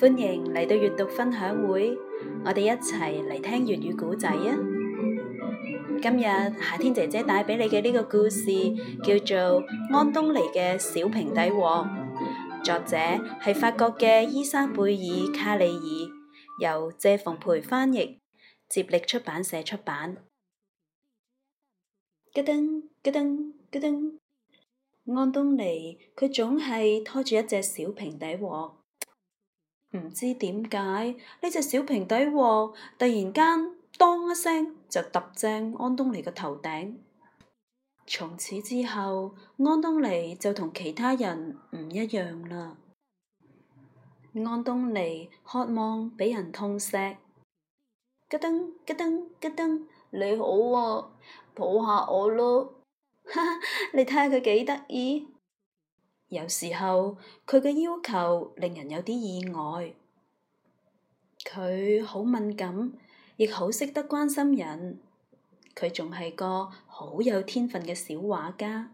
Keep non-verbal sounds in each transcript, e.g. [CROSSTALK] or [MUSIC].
歡迎嚟到閱讀分享會，我哋一齊嚟聽粵語古仔啊！今日夏天姐姐帶俾你嘅呢個故事叫做《安東尼嘅小平底鍋》，作者係法國嘅伊莎貝爾·卡里爾，由謝蓬培翻譯，接力出版社出版。咯噔咯噔咯噔。安東尼佢總係拖住一隻小平底鍋，唔知點解呢隻小平底鍋突然間當一聲就揼正安東尼嘅頭頂。從此之後，安東尼就同其他人唔一樣啦。安東尼渴望畀人痛錫，吉登吉登吉登，你好啊，抱下我咯。哈哈， [NOISE] 你睇下佢幾得意。 [NOISE] 有時候佢嘅要求令人有啲意外。佢好敏感，亦好識得關心人。佢仲係個好有天分嘅小畫家。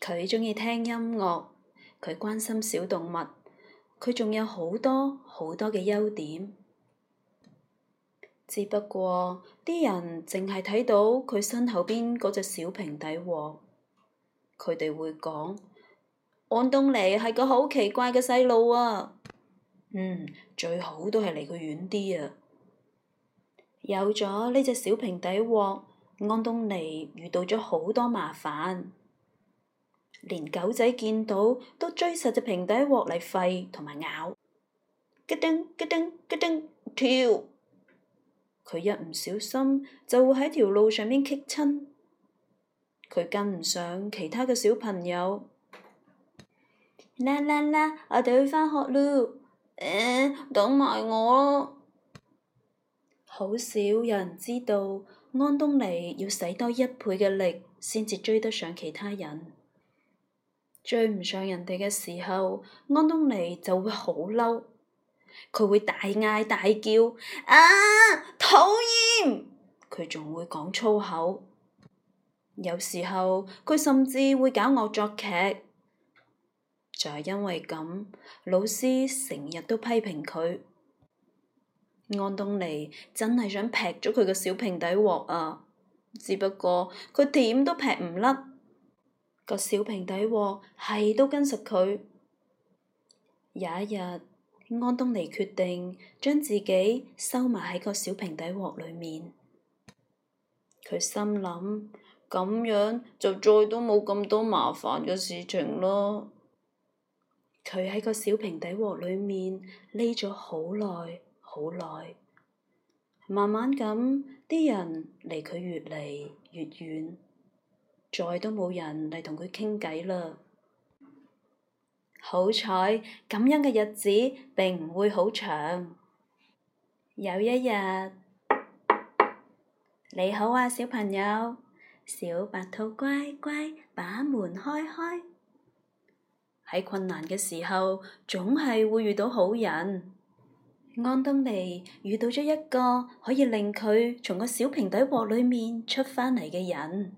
佢鍾意聽音樂，佢關心小動物，佢仲有好多好多嘅優點。只不過啲人淨係睇到佢身後邊嗰隻小平底鍋，佢哋會講：安東尼係個好奇怪嘅細路啊！嗯，最好都係離佢遠啲啊！有咗呢隻小平底鍋，安東尼遇到咗好多麻煩，連狗仔見到都追實隻平底鍋嚟吠同埋咬，叮叮叮叮跳。佢一唔小心就會喺條路上面跌親，佢跟唔上其他嘅小朋友，啦啦啦！我哋要返學囉，誒、欸，等埋我。好少有人知道，安東尼要使多一倍嘅力先至追得上其他人。追唔上人哋嘅時候，安東尼就會好嬲。佢會大嗌大叫啊！討厭！佢仲會講粗口，有時候佢甚至會搞惡作劇。就係、是、因為咁，老師成日都批評佢。安東尼真係想劈咗佢個小平底鑊啊！只不過佢點都劈唔甩個小平底鑊，係都跟實佢。有一日。安東尼決定將自己收埋喺個小平底鍋裏面，佢心諗，咁樣就再都冇咁多麻煩嘅事情咯。佢喺個小平底鍋裏面匿咗好耐，好耐，慢慢咁啲人離佢越嚟越遠，再都冇人嚟同佢傾偈啦。好彩，咁樣嘅日子並唔會好長。有一日，你好啊，小朋友，小白兔乖乖，把門開開。喺困難嘅時候，總係會遇到好人。安東尼遇到咗一個可以令佢從個小平底鍋裏面出返嚟嘅人。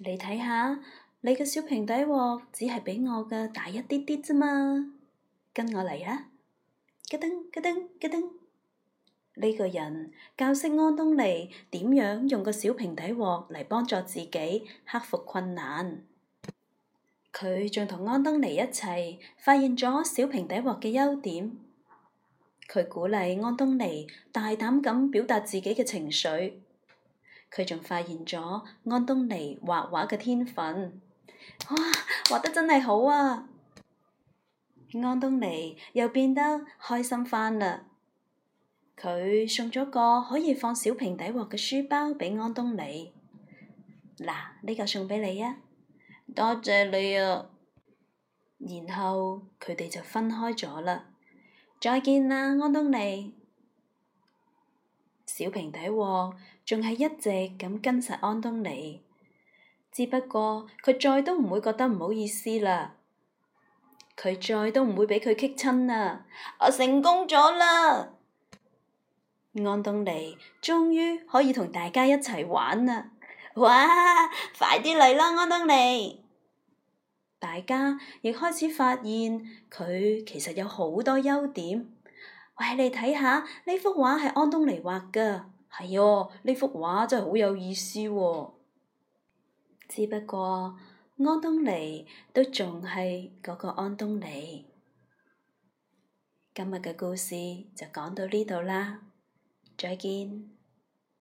你睇下。你嘅小平底鍋只係比我嘅大一啲啲啫嘛，跟我嚟啊！吉登吉登吉登，呢、這個人教識安東尼點樣用個小平底鍋嚟幫助自己克服困難。佢仲同安東尼一齊發現咗小平底鍋嘅優點。佢鼓勵安東尼大膽咁表達自己嘅情緒。佢仲發現咗安東尼畫畫嘅天分。哇，畫得真係好啊！安東尼又變得開心返啦。佢送咗個可以放小平底鍋嘅書包俾安東尼，嗱，呢個送俾你啊！多謝你啊！然後佢哋就分開咗啦。再見啦，安東尼！小平底鍋仲係一直咁跟實安東尼。只不過佢再都唔會覺得唔好意思啦，佢再都唔會俾佢激親啦，我成功咗啦！安東尼終於可以同大家一齊玩啦！哇，快啲嚟啦，安東尼！大家亦開始發現佢其實有好多優點。喂，你睇下呢幅畫係安東尼畫噶係哦，呢幅畫真係好有意思喎，哦！只不過，安東尼都仲係嗰個安東尼。今日嘅故事就講到呢度啦，再見。